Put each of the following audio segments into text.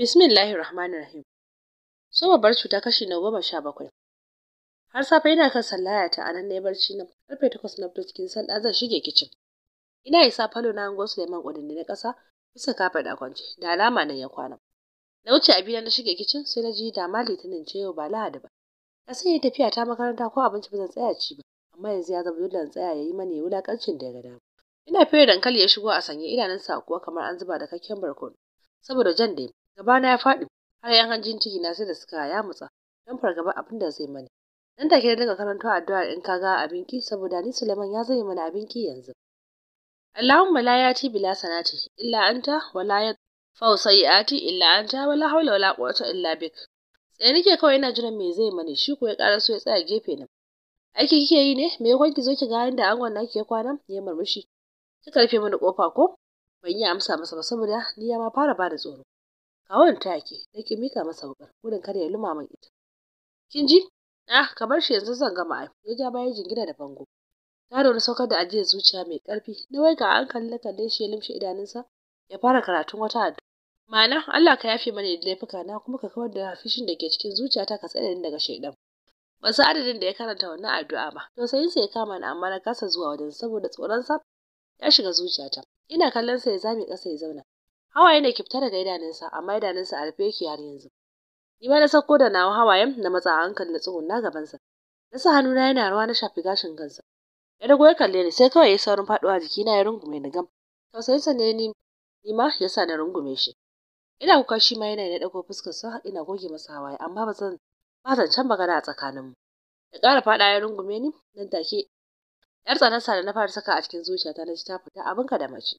Bismillahir Rahmanir Rahim. So babbar cuta kashi na goma sha bakwai. Har safe ina kan sallaya ta anan ne barci na karfe takwas na fito cikin sanda zan shige kicin. Ina isa falo na hango Suleiman Kudin na ƙasa bisa kafa da kwance da alama nan ya kwana. Na wuce a abina na shige kicin sai na ji da ma litinin ce yau ba lahadi ba. Na sanya tafiya ta makaranta ko abinci ba zan tsaya ci ba amma yanzu ya zama dole in tsaya yi mani wulaƙancin da ya ga dama. Ina fere dankali ya shigo a sanye idanunsa kuwa kamar an zuba da kakken barkono saboda jan da gabana ya faɗi har yan hanjin ciki na sai da suka mutsa don fargaba abin da zai mani nan take da daga karanto addu'a in ka ga abin ki saboda ni Suleiman ya zai mana abin ki yanzu Allahumma la yati bila sanati illa anta wala ya fau sayyati illa anta wala hawla wala quwwata illa bik sai nake kawai ina jiran me zai mani shi ko ya kara so ya tsaya gefe na aiki kike yi ne me yakon ki zo ki ga inda angon naki ya kwana ya murmushi ki karfe mana kofa ko ban yi amsa masa ba saboda ni ya ma fara bada tsoro kawon take na ki mika masa wukar gudun kada ya lumama ita kin ji ah ka bar shi yanzu zan gama ai ya ja bayan jingina da bango ta da saukar da ajiyar zuciya mai karfi na wai ga an kalle kalle shi ya limshe idanunsa ya fara karatun wata addu ma'ana Allah ka yafe mana laifuka na kuma ka kawar da fishin da ke cikin zuciyata ka tsare ni daga shaidan ban sa adadin da ya karanta wannan addu'a ba to sai sai ya kama ni amma na kasa zuwa wajen saboda tsoron sa ya shiga zuciyata ina kallon sa ya zame kasa ya zauna hawaye ne ke fita daga idanunsa amma idanunsa a rufe yake har yanzu ni ma na sauko da nawa hawayen na matsa hankali na gabansa na sa hannuna yana ruwa na shafi gashin kansa ya dago ya kalle ni sai kawai ya saurin faɗuwa na ya rungume ni gam tausayinsa ne ni ni ma ya sa na rungume shi ina kuka shi ma yana ya dago fuskar sa ina goge masa hawaye amma ba zan ba zan can magana a tsakaninmu ya ƙara faɗa ya rungume ni nan take yar tsanarsa da na fara saka a cikin zuciyata na ji ta fita abinka da mace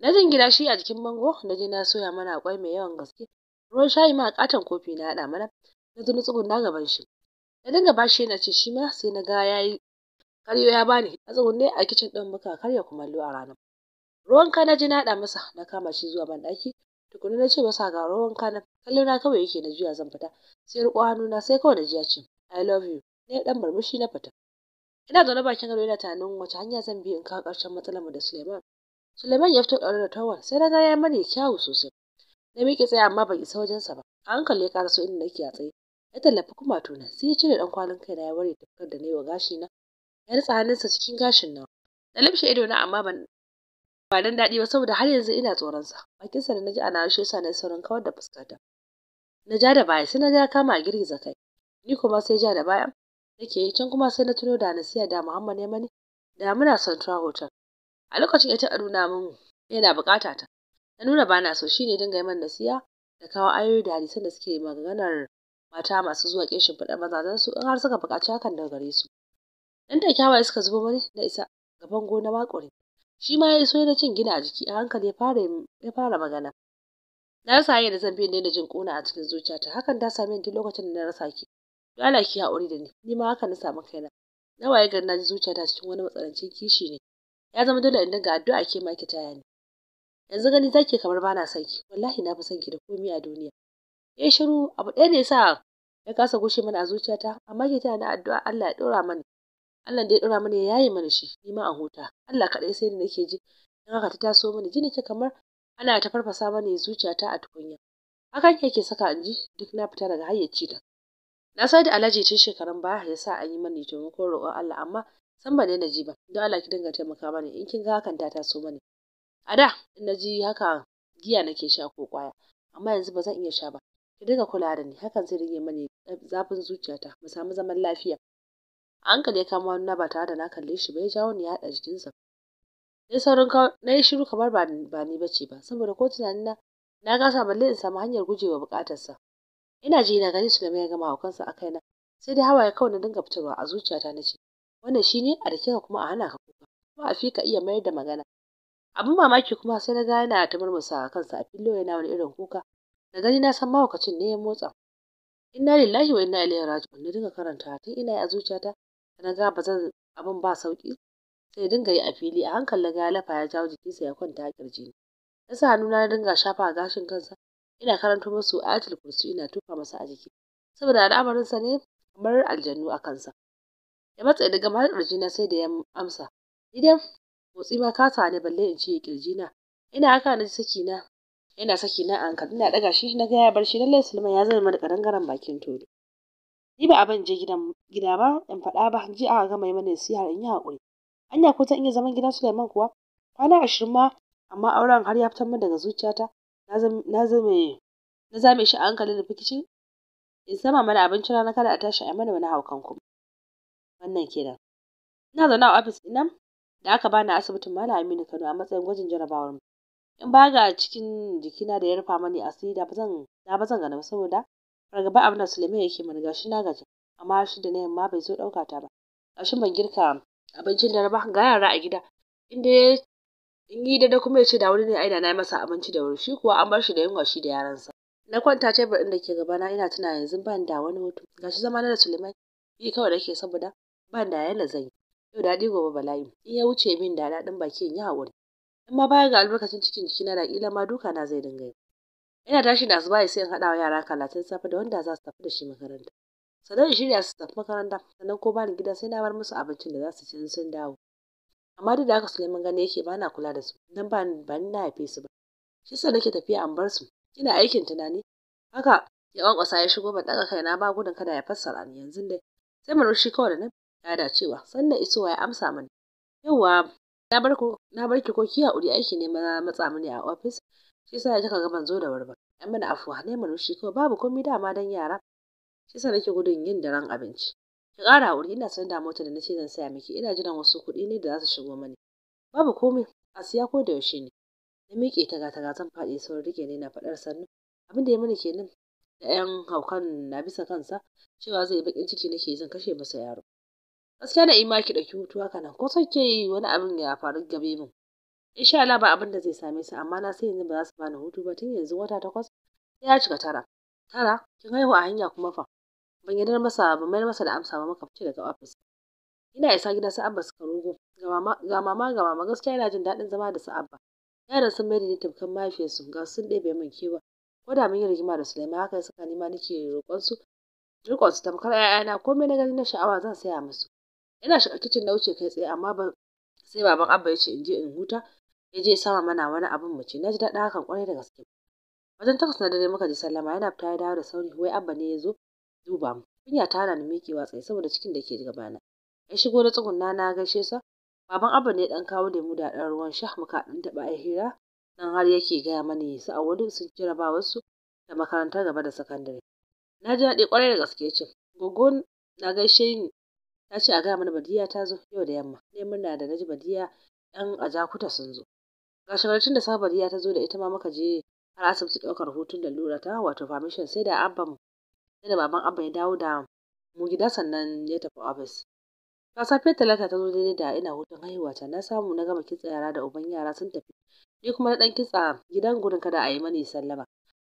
na gida shi a jikin bango na je na soya mana kwai mai yawan gaske ruwan shayi ma katon kofi na haɗa mana na zo na tsuguna gaban shi na dinga bashi yana ce shi ma sai na ga yayi karyo ya bani a ne a kicin din muka karya kumallo a ranar ruwan ka na je na haɗa masa na kama shi zuwa ban ɗaki tukuna na ce masa ga ruwan ka na kallo na kawai yake na juya zan fita sai riƙo hannu na sai kawai na ji ya ce i love you ne dan murmushi na fita ina zaune bakin gado ina tunanin wace hanya zan bi in kawo ƙarshen matsalar mu da Suleiman Suleiman ya fito ɗaure da tawar sai na ga ya mani kyawu sosai. Na miƙe tsaye amma ban isa wajensa ba. A hankali ya so inda nake a tsaye. Ya tallafi kuma tuna sai ya cire ɗan kwalin na ya ware tafkar da na yi wa na Ya ritsa hannunsa cikin gashin nawa. Na ido na amma ban ba dan daɗi ba saboda har yanzu ina tsoronsa. Bakinsa da na ji a ana shi yasa na saurin kawar da fuskata. Na ja da baya sai na ya kama a girgiza kai. Ni kuma sai ja da baya nake yi can kuma sai na tuno da nasiya da Muhammad ya mani da muna son tura hotel. a lokacin ya taɓa nuna min yana bukata ta na nuna bana so so shine dinga yi min nasiya da kawo ayoyi da hadisan da suke maganar mata masu zuwa ƙin maza, mazajen su in har suka buƙaci hakan daga gare su dan da kyawaye suka zubo mani na isa gaban gona makuri. shi ma ya iso yana cin gina a jiki a hankali ya fara ya fara magana na rasa hanyar da zan bi da jin ƙuna a cikin zuciyata hakan ta same ni lokacin da na rasa ki dole ki haƙuri da ni ni ma haka na samu kaina na waye gari na ji zuciyata cikin wani matsanancin kishi ne ya zama dole in dinga addu'a ke ma ki taya ni yanzu gani zaki kamar bana son ki wallahi na fi son ki da komai a duniya Eh, shiru abu ɗaya ne sa ya kasa gushe mana a zuciyata amma ki taya ni addu'a Allah ya ɗora mana Allah da ya ɗora mana ya yaye mana shi ni ma a huta Allah kaɗai sai ni nake ji in aka ta taso mani jini, nake kamar ana ta farfasa mani zuciyata a tukunya hakan yake saka in ji duk na fita daga hayyacin ta na sa da alhaji tun shekarun baya ya sa an yi mani ko roƙon Allah amma san ban na ji ba don Allah ki dinga taimaka mani in kin ga hakan ta taso mani a da in na ji haka giya nake sha ko kwaya amma yanzu ba zan iya sha ba ki dinga kula da ni hakan zai rage mani zafin zuciyata mu samu zaman lafiya a hankali ya kama na ba tare da na kalle shi ba ya jawo ni ya haɗa jikinsa na saurin na yi shiru kamar ba ni ba ce ba saboda ko tunanina na kasa balle in samu hanyar gujewa buƙatarsa ina ji na gani Sulaiman ya gama haukansa a kaina sai dai hawaye kawai na dinga fitarwa a zuciyata na ce wannan shi ne? a rike ka kuma a hana ka kuka kuma a fi ka iya mayar da magana abin mamaki kuma sai na ga yana ta murmusa kansa a fillo yana wani irin kuka da gani na san mahaukacin ne ya motsa inna lillahi wa inna ilaihi raji'un na dinga karanta tun ina yi a zuciyata na ga ba zan abin ba sauki sai dinga yi a fili a hankali na ga ya lafa ya jawo jikinsa ya kwanta a kirji na sa hannu na dinga shafa gashin kansa ina karanto musu ayatul kursi ina tufa masa a jiki saboda al'amarin sa ne kamar aljannu a kansa ya matsa daga mahar kirji na sai da ya amsa idan motsi ma kasa ne balle in ce kirji na ina haka na saki na ina saki na ankal ina daga shi na ga ya bar shi lalle sulman ya zama da karangaren bakin todo ni ba abin je gidan gida ba in faɗa ba ji aka gama mana siya in yi hakuri anya ko ta iya zaman gidan Sulaiman kuwa kwana ashirin ma amma auren har ya fitar min daga zuciyata na zame na zame shi a hankali da kicin in sama mana abincin rana kada a tashi a mana wani haukan kuma wannan kenan ina zaune a ofis ɗin da aka bani a asibitin Malam Aminu Kano a matsayin gwajin jarabawar mu in ba ga cikin jikina da ya rufa mani asiri da ba zan da ba zan gana saboda fargaba abin da Suleiman yake mana gashi na gaji amma shi da na yamma bai zo ɗauka ta ba gashi ban girka abincin dare ba ga yara a gida in dai in yi da kuma ya ce da wuri ne ai na yi masa abinci da wuri shi kuwa an bar shi da yunwa shi da yaransa na kwanta tebur ɗin da ke gabana ina tuna yanzu ban da wani hutu shi zama na da Suleiman yi kawai nake saboda ban da yana zan yi yau daɗi gobe bala'i in ya wuce min da daɗin bakin ya haƙuri in ma baya ga albarkacin cikin jikina da ƙila ma duka na zai dinga yi ina tashi da asuba sai in haɗa wa yara ta safe da wanda za su tafi da shi makaranta sannan in shirya su tafi makaranta sannan ko bani gida sai na bar musu abincin da za su ci sun dawo amma duk da haka su neman gani yake ba na kula da su don ba ba ni na haife su ba shi sa nake tafiya an bar su ina aikin tunani haka ya kwankwasa ya shigo ban daga kaina ba gudun kada ya fassara ni yanzu dai sai murmushi kawai da na da cewa sannan isowa ya amsa mani yauwa na bar ko na bar ki ko ki uri aiki ne na matsa mini a ofis shi yasa kika ga ban zo da wuri ba mana afuwa ne murmushi kawai babu komai dama dan yara shi yasa nake gudun yin daren abinci ki ƙara haƙuri ina son da motar da na zan saya miki ina jiran wasu kuɗi ne da za su shigo mani babu komai a siya ko da yaushe ne na miƙe taga taga zan faɗi saurin rike ne na faɗar sannu abin da ya mana kenan da ƴan haukan na bisa kansa cewa zai baƙin ciki nake zan kashe masa yaro gaskiya na ima ki ɗauki hutu haka nan ko son yi wani abin ya faru gabe min insha Allah ba abin da zai same su amma na sai yanzu ba za su bani hutu ba tun yanzu wata takwas sai ya cika tara tara kin haihu a hanya kuma fa ban yarda masa ban mayar masa da amsa ba fice daga ofis ina isa gida sai abba suka rogo ga mama ga mama gaskiya ina jin daɗin zama da su abba yaran sun mai da ni tafkan su ga sun ɗebe min kewa ko da mun yi rigima da Sulaiman haka suka nima nake roƙon su roƙon su tamkar na komai na gani na sha'awa zan saya musu ina shiga kicin na wuce kai tsaye amma ban sai baban abba ya ce in je in huta ya je sama mana wani abin mu ce na ji daɗin hakan kwarai da gaske wajen takwas na dare muka ji sallama yana fita ya dawo da sauri wai abba ne ya zo duba mu kunya ta hana ni watsai, tsaye saboda cikin da ke gabana ya shigo da tsugunna na gaishe sa baban abu ne dan kawo mu da dan ruwan sha muka dan taba a hira nan har yake gaya mani su a wurin sun jarabawar su da makarantar gaba da sakandare na ji daɗi kwarai da gaske ce gogo na gaishe ni ta ce a gaya mana badiya ta zo yau da yamma ne murna da naji badiya yan ajakuta sun zo ga shagarcin da sabariya ta zo da ita ma muka je har asibiti ɗaukar hutun da lura ta wato permission sai da abban sai da baban abba ya dawo da mu gida sannan ya tafi ofis ta safe talata ta zo daidai da ina hutun haihuwa ta na samu na gama kitsa yara da uban yara sun tafi ni kuma na dan kitsa gidan gurin kada a yi mani sallama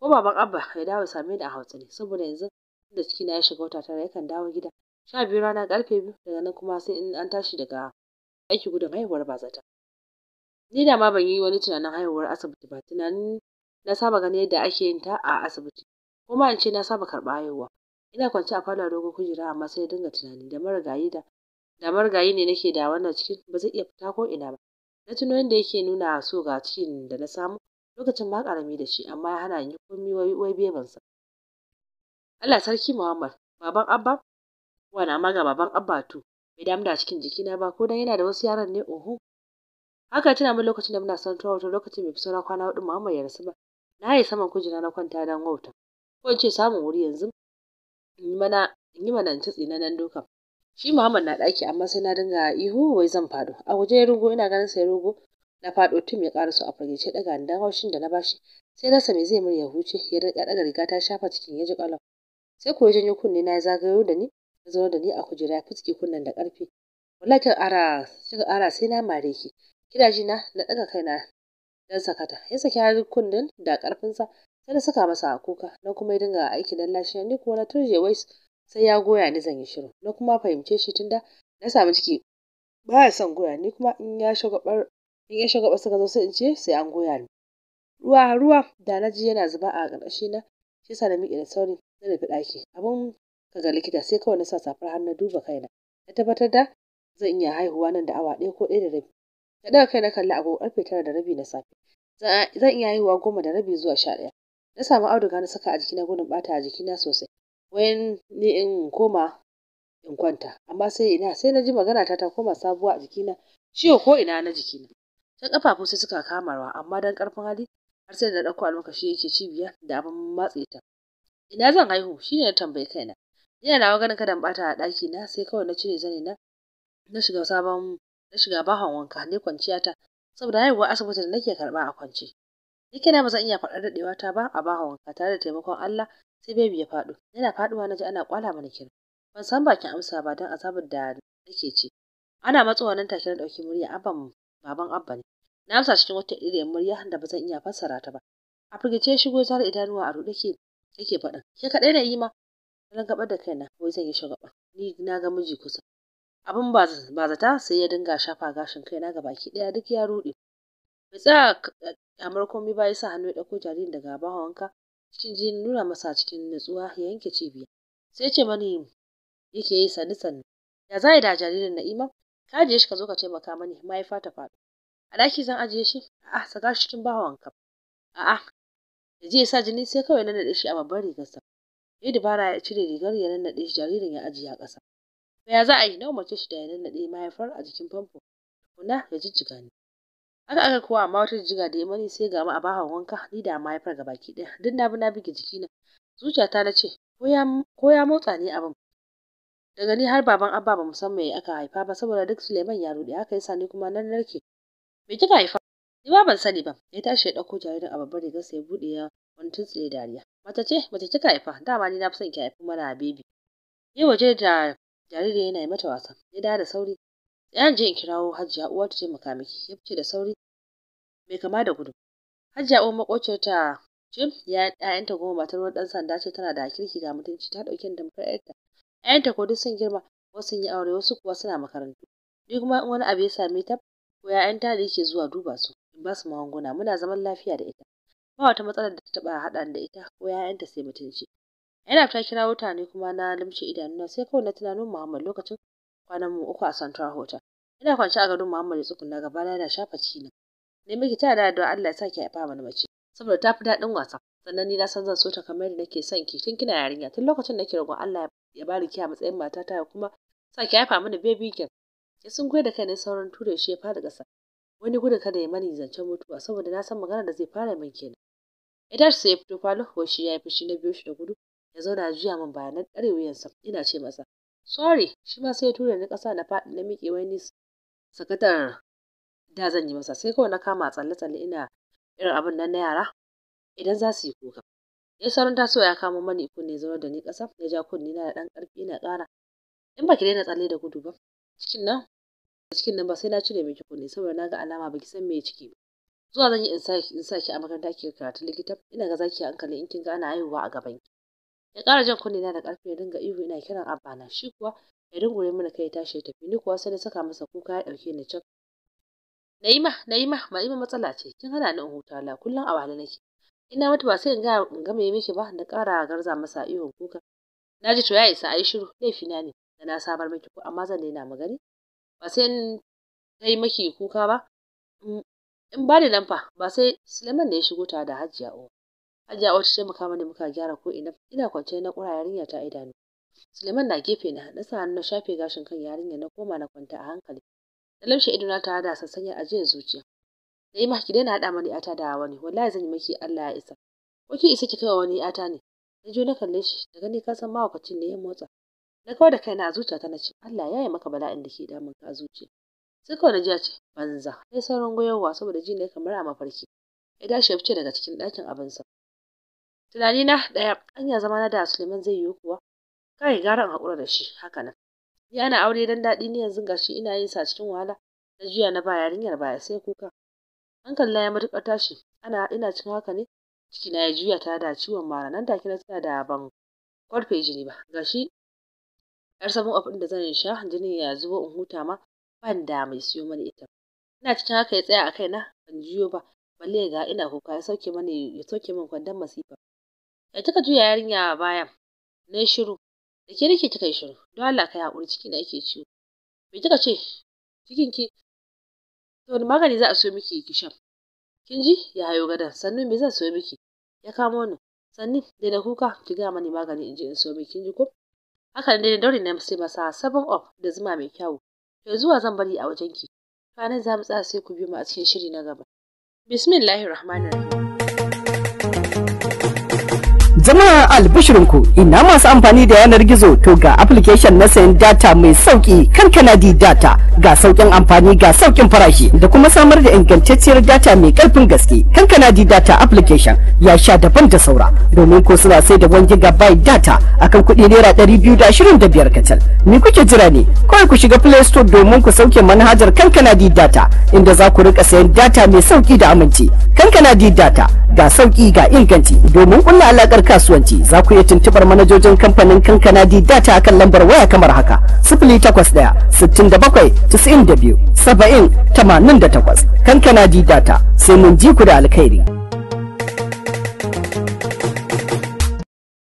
ko baban abba ya dawo same ni a ne saboda yanzu da ciki na ya shiga wata tara yakan dawo gida sha biyu rana karfe biyu daga nan kuma sai in an tashi daga aiki gudun haihuwar ba zata. ni da ma ban yi wani tunanin haihuwar asibiti ba tunanin na saba ganin yadda ake yin ta a asibiti Kuma in ce na saba karɓa haihuwa ina kwance a falon dogon kujera amma sai dinga tunani da marigayi da da marigayi ne nake da wannan cikin ba zai iya fita ko ina ba na tuno yadda yake nuna so ga cikin da na samu lokacin ba karami da shi amma ya hana ni komi wai wai sa. Allah sarki Muhammad baban Abba wana ma ga baban Abba to bai damu da cikin jikina ba ko dan yana da wasu yaran ne oho haka tuna min lokacin da muna son tuwa lokacin bai fi saura kwana hudu Muhammad ya rasu ba na yi saman kujera na kwanta dan wauta ko in ce samun wuri yanzu in yi mana in yi mana dukan shi Muhammad na ɗaki amma sai na dinga ihu wai zan faɗo a guje ya rugo ina ganin sai rugo na faɗo tun ya ƙara so a firgice daga ni dan haushin da na bashi sai na sami zai mun ya huce ya ɗaga riga ta shafa cikin ya ji ƙalau sai ko janyo kunne na ya zagayo da ni ya zo da ni a kujera ya fuske kunnen da ƙarfi wallahi kin ara kika ara sai na mare ki Gidajena na na daga kaina dan sakata ya saki har kunnen da ƙarfinsa sai na saka masa a kuka na kuma ya dinga aiki dan lashiya ni kuwa na turje wai sai ya goya ni zan yi shiru na kuma fahimce shi tunda na samu ciki baya son goya ni kuma in ya shagabar in ya shugaba suka zo sai in ce sai an goya ni ruwa ruwa da na ji yana zuba a ƙarƙashi na shi sa na miƙe da sauri na nufi ɗaki abin ga likita sai kawai na sa safar hannu duba kaina na tabbatar da zan iya haihuwa nan da awa ɗaya ko ɗaya da rabi na ɗaga kai na kalli agogo ƙarfe tara da rabi na safe zan iya haihuwa goma da rabi zuwa sha ɗaya na samu auduga na saka a jikina gudun bata a jikina sosai wayan ni in koma in kwanta amma sai ina sai na ji magana ta ta koma sabuwa a jikina ciwo ko ina na jikina ta kafafu sai suka kamarwa amma dan karfin hali har sai da dauko almakashi yake cibiya da abin matse ta ina zan haihu shine na tambayi kaina ina nawa ganin kada in bata a daki na sai kawai na cire zani na na shiga sabon na shiga bahon wanka ne kwanciya ta saboda haihuwa asibitin da nake karba a kwance Yake na ba zan iya faɗar daɗewa ta ba a bawa wanka tare da taimakon Allah sai baby ya faɗo. Yana faɗuwa na ji ana kwala mana kira. Ban san bakin amsa ba don azabar da nake ci. Ana matsowa nan take na ɗauki murya abban baban abba ne. Na amsa cikin wata irin murya da ba zan iya fassara ta ba. A firgice shigo zara idanuwa a ruɗe ke yake faɗin. Ke kaɗai na yi ma. Na gaɓar da kaina ko zan yi shagaba. Ni na ga miji kusa. abin ba zata sai ya dinga shafa gashin kaina ga baki ɗaya duk ya ruɗe bai tsaya amar komai ba ya sa hannu ya ɗauko jaririn daga bawa wanka cikin jini nuna masa cikin natsuwa ya yanke cibiya sai ce mani yake yi sani-sani. ya za da jaririn na'ima ka ajiye shi ka zo ka taimaka mani mahaifa ta faɗo a ɗaki zan ajiye shi a'a saka shi cikin a a'a ya je ya sa jini sai kawai na naɗe shi a babban rigarsa ya bara ya cire rigar ya nannaɗe shi jaririn ya ajiye a ƙasa ya za a yi na umarce shi da ya nannaɗe mahaifar a jikin famfo kuna ya jijjiga ni haka aka kowa amma wata jijjiga da ya mani sai ga mu a bahan wanka ni da mahaifar ga baki ɗaya duk na bi na bige na zuciyata na ce ko ya motsa ne abin daga ni har baban abba ba mu musamman ya aka haifa ba saboda duk suleiman ya ruɗe haka yasa Sani kuma nan narke me kika haifa ni ba ban sani ba ya tashi ya ɗauko jaririn a riga sai ya buɗe ya wani tuntsire dariya mace ce mace kika haifa dama ni na fi son ki haifi mana bebi ya waje da jaririn yana yi mata wasa ya dawo da sauri yan in je in kirawo hajiya uwa ta taimaka miki ya fice da sauri mai kama da gudu hajiya uwa maƙociyarta Jim ya ‘ya'yanta goma matar wani ɗan sanda ce tana da kirki ga mutunci ta ɗauki damkar ‘yarta. ‘Ya'yanta ko duk sun girma wasu sun yi aure wasu kuwa suna makarantu. Ni kuma in wani abu ya same ta ko ‘ya'yanta da yake zuwa duba su in ba su magunguna muna zaman lafiya da ita. Ba wata matsalar da ta taɓa haɗa da ita ko ta sai mutunci. Yana ta kirawo ta ne kuma na lumshe idanuna sai kawai na tunanin Muhammad lokacin kwanan mu uku a Central Hotel. Ina kwance a gadon Muhammadu tsukunna gaba na shafa ciki Ne miki ta da addu'a Allah ya sa ki haifa mana mace saboda ta fi daɗin wasa. Sannan ni na san zan so ta kamar da nake son ki tun kina yarinya tun lokacin nake roƙon Allah ya bari ki a matsayin mata ta, kuma sa ki haifa mana baby girl. Ya sun da kai ne sauran ture shi ya fara ƙasa. Wani gudun kada ya mani zancen mutuwa saboda na san maganar da zai fara min kenan. Ya sai ya fito falo ko shi ya yi fushi na biyo shi da gudu ya zauna jiya min bayanan ɗare ina ce masa sorry shi ma sai ya tura ni ƙasa na faɗi na miƙe wani sakatar da zan yi masa sai kawai na kama tsalle tsalle ina irin abin nan na yara idan za su yi kuka ya sauran taso ya kama mani kunne zama da ni ƙasa ya ja kunne na da ɗan ƙarfi na ƙara in ba ki daina tsalle da gudu ba cikin nan cikin nan ba sai na cire miki kunne saboda na ga alama ba ki san me ciki ba zuwa zan yi in sa ki a makaranta ki karatu likita ina ga zaki hankali in kin ga ana haihuwa a gaban ki ya ƙara jan kunne na da ƙarfi ya dinga ihu ina kiran abba na shi kuwa ya dungure mana kai tashi ya tafi ni kuwa sai na saka masa kuka ya ɗauke ni can Na'ima Na'ima Na'ima matsala ce kin hana ni in huta la kullum a wahala nake ina mutu ba sai in ga in ga me miki ba na ƙara garza masa ihun kuka naji to ya isa ai shiru laifi na ne da na samar miki ko amma zan daina magani ba sai in kai miki kuka ba in ba da nan fa ba sai Suleiman da ya shigo ta da Hajiya Uwa Hajiya wata taimaka mani muka gyara ko ina ina kwance na kura yarinya ta idanu. Suleiman na gefe na na sa hannu na shafe gashin kan yarinya na koma na kwanta a hankali. Na lamshe idona tare da sassanyar ajiyar zuciya. Na yi maki daina haɗa mani ata da wani wallahi zan yi maki Allah ya isa. Ko ki isa ki kai wa wani ata ne. Na je na kalle shi da gani ka san mahaukacin ne ya motsa. Na kawar da kaina a zuciyata na ce Allah ya yi maka bala'in da ke damun ka a zuciya. Sai kawai na ji ce banza sai sauran goyarwa saboda ji ne kamar a mafarki. Ya dashi ya fice daga cikin ɗakin abinsa. tunani na ɗaya anya zama na da Suleiman zai yiwu kuwa kai gara in haƙura da shi haka nan ni ana aure dan daɗi ne yanzu gashi ina yin sa cikin wahala na jiya na ba yarinyar baya sai kuka hankali na ya matuƙar tashi ana ina cikin haka ne ciki na ya juya ta da ciwon mara nan take na tana da ban kwarfe jini ba gashi yar sabon abin da zan sha jinin ya zuba in huta ma ban da mai siyo mani ita ina cikin haka ya tsaya a kaina ban jiyo ba balle ga ina kuka ya sauke mani ya sauke min kwandon masifa da kika juya yarinya a baya yi shiru da ke nake kika yi shiru don Allah kai haƙuri ciki da yake ciwo me kika ce cikin ki to wani magani za a so miki ki sha kin ji ya hayo gadon, sannu me zan so miki ya kamo ni sannu da na kuka ki ga mani magani in ji in so miki kin ji ko haka ne da dauri na sai masa sabon of da zuma mai kyau to zuwa zan bari a wajen ki ranar za mu tsaya sai ku biyo mu a cikin shiri na gaba Bismillahirrahmanirrahim. Jama'a albishirinku ina masu amfani da yanar gizo to ga application na sayan data mai sauki kan Kanadi data ga saukin amfani ga saukin farashi da kuma samar da ingantacciyar data mai karfin gaske. Kan Kanadi data application ya sha daban da saura domin ko suna sai da 1 gigabyte data akan kuɗi naira ɗari biyu da da ashirin biyar kacal. ni kuke jira ne? Kawai ku shiga Play Store domin ku sauke manhajar Kan Kanadi data inda za ku rika sayan data mai sauki da aminci. Kan Kanadi data ga sauki ga inganci domin kulla alakar kasuwanci za ku iya tuntubar manajojin kamfanin kankana di data akan lambar waya kamar haka da biyu saba'in tamanin da data sai mun ji ku da alkhairi